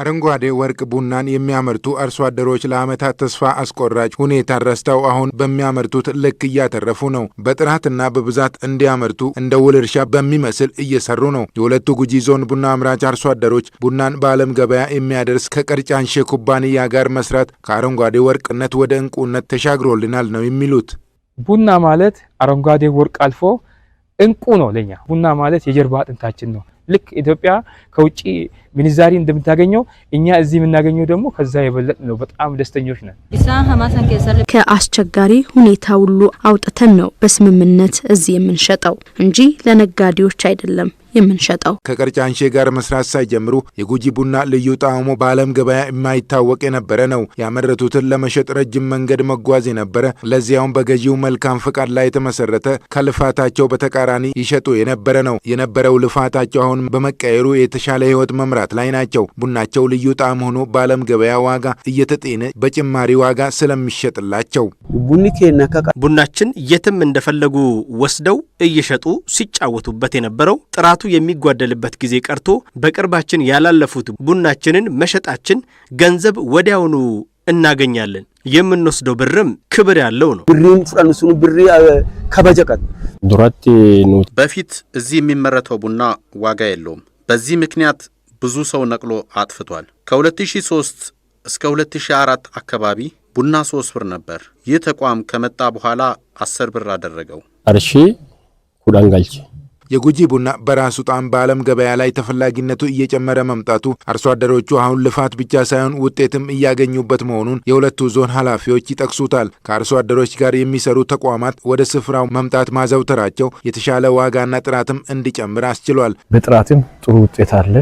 አረንጓዴ ወርቅ ቡናን የሚያመርቱ አርሶ አደሮች ለዓመታት ተስፋ አስቆራጭ ሁኔታ ረስተው አሁን በሚያመርቱት ልክ እያተረፉ ነው። በጥራትና በብዛት እንዲያመርቱ እንደ ውል እርሻ በሚመስል እየሰሩ ነው። የሁለቱ ጉጂ ዞን ቡና አምራች አርሶ አደሮች ቡናን በዓለም ገበያ የሚያደርስ ከቀርጫንሼ ኩባንያ ጋር መስራት ከአረንጓዴ ወርቅነት ወደ እንቁነት ተሻግሮልናል ነው የሚሉት። ቡና ማለት አረንጓዴ ወርቅ አልፎ እንቁ ነው ለኛ። ቡና ማለት የጀርባ አጥንታችን ነው። ልክ ኢትዮጵያ ከውጭ ምንዛሪ እንደምታገኘው እኛ እዚህ የምናገኘው ደግሞ ከዛ የበለጥ ነው። በጣም ደስተኞች ነን። ከአስቸጋሪ ሁኔታ ሁሉ አውጥተን ነው በስምምነት እዚህ የምንሸጠው እንጂ ለነጋዴዎች አይደለም የምንሸጠው ከቀርጫንሼ ጋር መስራት ሳይጀምሩ የጉጂ ቡና ልዩ ጣዕሙ በዓለም ገበያ የማይታወቅ የነበረ ነው። ያመረቱትን ለመሸጥ ረጅም መንገድ መጓዝ የነበረ ለዚያውም በገዢው መልካም ፍቃድ ላይ የተመሰረተ ከልፋታቸው በተቃራኒ ይሸጡ የነበረ ነው። የነበረው ልፋታቸው አሁን በመቀየሩ የተሻለ ህይወት መምራት በመሰራት ላይ ናቸው። ቡናቸው ልዩ ጣዕም ሆኖ በዓለም ገበያ ዋጋ እየተጤነ በጭማሪ ዋጋ ስለሚሸጥላቸው ቡናችን የትም እንደፈለጉ ወስደው እየሸጡ ሲጫወቱበት የነበረው ጥራቱ የሚጓደልበት ጊዜ ቀርቶ በቅርባችን ያላለፉት ቡናችንን መሸጣችን ገንዘብ ወዲያውኑ እናገኛለን። የምንወስደው ብርም ክብር ያለው ነው። በፊት እዚህ የሚመረተው ቡና ዋጋ የለውም። በዚህ ምክንያት ብዙ ሰው ነቅሎ አጥፍቷል። ከ2003 እስከ 2004 አካባቢ ቡና ሶስት ብር ነበር። ይህ ተቋም ከመጣ በኋላ አስር ብር አደረገው። አርሺ ሁዳንጋልች የጉጂ ቡና በራሱ ጣዕም በዓለም ገበያ ላይ ተፈላጊነቱ እየጨመረ መምጣቱ አርሶ አደሮቹ አሁን ልፋት ብቻ ሳይሆን ውጤትም እያገኙበት መሆኑን የሁለቱ ዞን ኃላፊዎች ይጠቅሱታል። ከአርሶ አደሮች ጋር የሚሰሩ ተቋማት ወደ ስፍራው መምጣት ማዘውተራቸው የተሻለ ዋጋና ጥራትም እንዲጨምር አስችሏል። በጥራትም ጥሩ ውጤት አለ።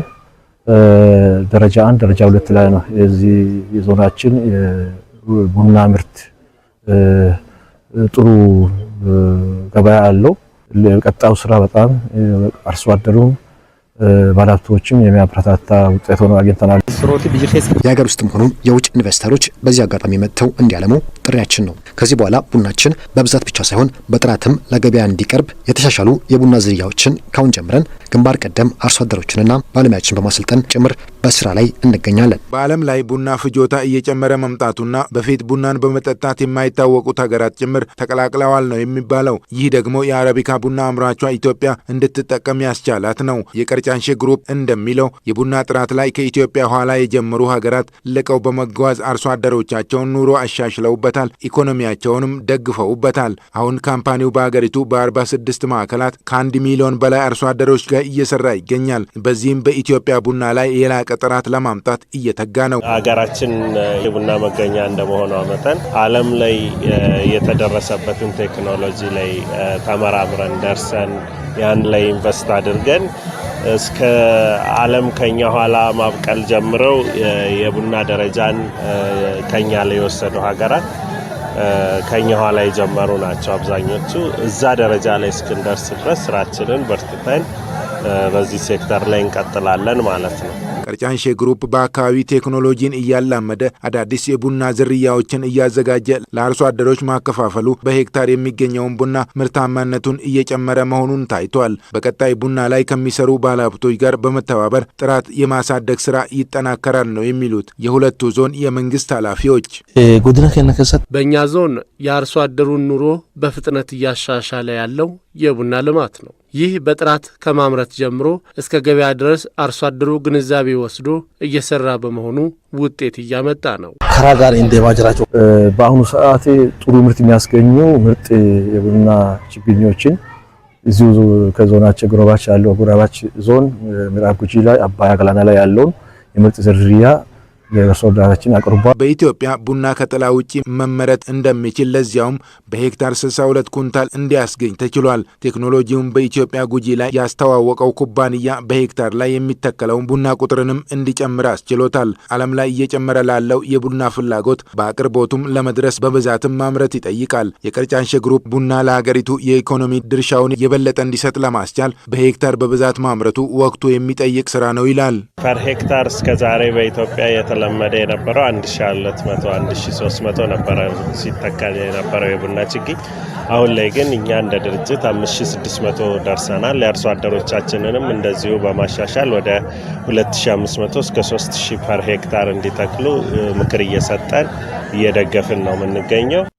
ደረጃ አንድ ደረጃ ሁለት ላይ ነው። የዚህ የዞናችን ቡና ምርት ጥሩ ገበያ አለው። ቀጣዩ ስራ በጣም አርሶ አደሩም ባለሀብቶችም የሚያበረታታ ውጤት ሆኖ አግኝተናል። የሀገር ውስጥም ሆኑ የውጭ ኢንቨስተሮች በዚህ አጋጣሚ መጥተው እንዲያለሙ ጥሪያችን ነው። ከዚህ በኋላ ቡናችን በብዛት ብቻ ሳይሆን በጥራትም ለገበያ እንዲቀርብ የተሻሻሉ የቡና ዝርያዎችን ካሁን ጀምረን ግንባር ቀደም አርሶ አደሮችንና ባለሙያዎችን በማሰልጠን ጭምር በስራ ላይ እንገኛለን። በዓለም ላይ ቡና ፍጆታ እየጨመረ መምጣቱና በፊት ቡናን በመጠጣት የማይታወቁት ሀገራት ጭምር ተቀላቅለዋል ነው የሚባለው። ይህ ደግሞ የአረቢካ ቡና አምራቿ ኢትዮጵያ እንድትጠቀም ያስቻላት ነው። ቻንሼ ሺ ግሩፕ እንደሚለው የቡና ጥራት ላይ ከኢትዮጵያ ኋላ የጀመሩ ሀገራት ልቀው በመጓዝ አርሶ አደሮቻቸውን ኑሮ አሻሽለውበታል፣ ኢኮኖሚያቸውንም ደግፈውበታል። አሁን ካምፓኒው በሀገሪቱ በ46 ማዕከላት ከአንድ ሚሊዮን በላይ አርሶ አደሮች ጋር እየሰራ ይገኛል። በዚህም በኢትዮጵያ ቡና ላይ የላቀ ጥራት ለማምጣት እየተጋ ነው። ሀገራችን የቡና መገኛ እንደመሆኗ መጠን ዓለም ላይ የተደረሰበትን ቴክኖሎጂ ላይ ተመራምረን ደርሰን ያን ላይ ኢንቨስት አድርገን እስከ ዓለም ከኛ ኋላ ማብቀል ጀምረው የቡና ደረጃን ከኛ ላይ የወሰዱ ሀገራት ከኛ ኋላ የጀመሩ ናቸው አብዛኞቹ። እዛ ደረጃ ላይ እስክንደርስ ድረስ ስራችንን በርትተን በዚህ ሴክተር ላይ እንቀጥላለን ማለት ነው። ቀርጫንሼ ግሩፕ በአካባቢ ቴክኖሎጂን እያላመደ አዳዲስ የቡና ዝርያዎችን እያዘጋጀ ለአርሶ አደሮች ማከፋፈሉ በሄክታር የሚገኘውን ቡና ምርታማነቱን እየጨመረ መሆኑን ታይቷል። በቀጣይ ቡና ላይ ከሚሰሩ ባለሀብቶች ጋር በመተባበር ጥራት የማሳደግ ስራ ይጠናከራል ነው የሚሉት የሁለቱ ዞን የመንግስት ኃላፊዎች። በእኛ ዞን የአርሶ አደሩን ኑሮ በፍጥነት እያሻሻለ ያለው የቡና ልማት ነው። ይህ በጥራት ከማምረት ጀምሮ እስከ ገበያ ድረስ አርሶ አደሩ ግንዛቤ ወስዶ እየሰራ በመሆኑ ውጤት እያመጣ ነው። ከራ ጋር እንደማጅራቸው በአሁኑ ሰዓት ጥሩ ምርት የሚያስገኙ ምርጥ የቡና ችግኞችን እዚሁ ከዞናችን ጉረባች ያለው ጉረባች ዞን ምዕራብ ጉጂ ላይ አባያ ገላና ላይ ያለውን የምርጥ ዝርያ ለእርስ ወዳዳችን አቅርቧል። በኢትዮጵያ ቡና ከጥላ ውጪ መመረት እንደሚችል ለዚያውም በሄክታር 62 ኩንታል እንዲያስገኝ ተችሏል። ቴክኖሎጂውን በኢትዮጵያ ጉጂ ላይ ያስተዋወቀው ኩባንያ በሄክታር ላይ የሚተከለውን ቡና ቁጥርንም እንዲጨምር አስችሎታል። ዓለም ላይ እየጨመረ ላለው የቡና ፍላጎት በአቅርቦቱም ለመድረስ በብዛትም ማምረት ይጠይቃል። የቀርጫንሸ ግሩፕ ቡና ለሀገሪቱ የኢኮኖሚ ድርሻውን የበለጠ እንዲሰጥ ለማስቻል በሄክታር በብዛት ማምረቱ ወቅቱ የሚጠይቅ ስራ ነው ይላል። ፐር ሄክታር እስከዛሬ በኢትዮጵያ የተለመደ የነበረው 1200 1300 ነበረ ሲተከል የነበረው የቡና ችግኝ። አሁን ላይ ግን እኛ እንደ ድርጅት 5600 ደርሰናል። የአርሶ አደሮቻችንንም እንደዚሁ በማሻሻል ወደ 2500 እስከ 3000 ፐር ሄክታር እንዲተክሉ ምክር እየሰጠን እየደገፍን ነው የምንገኘው።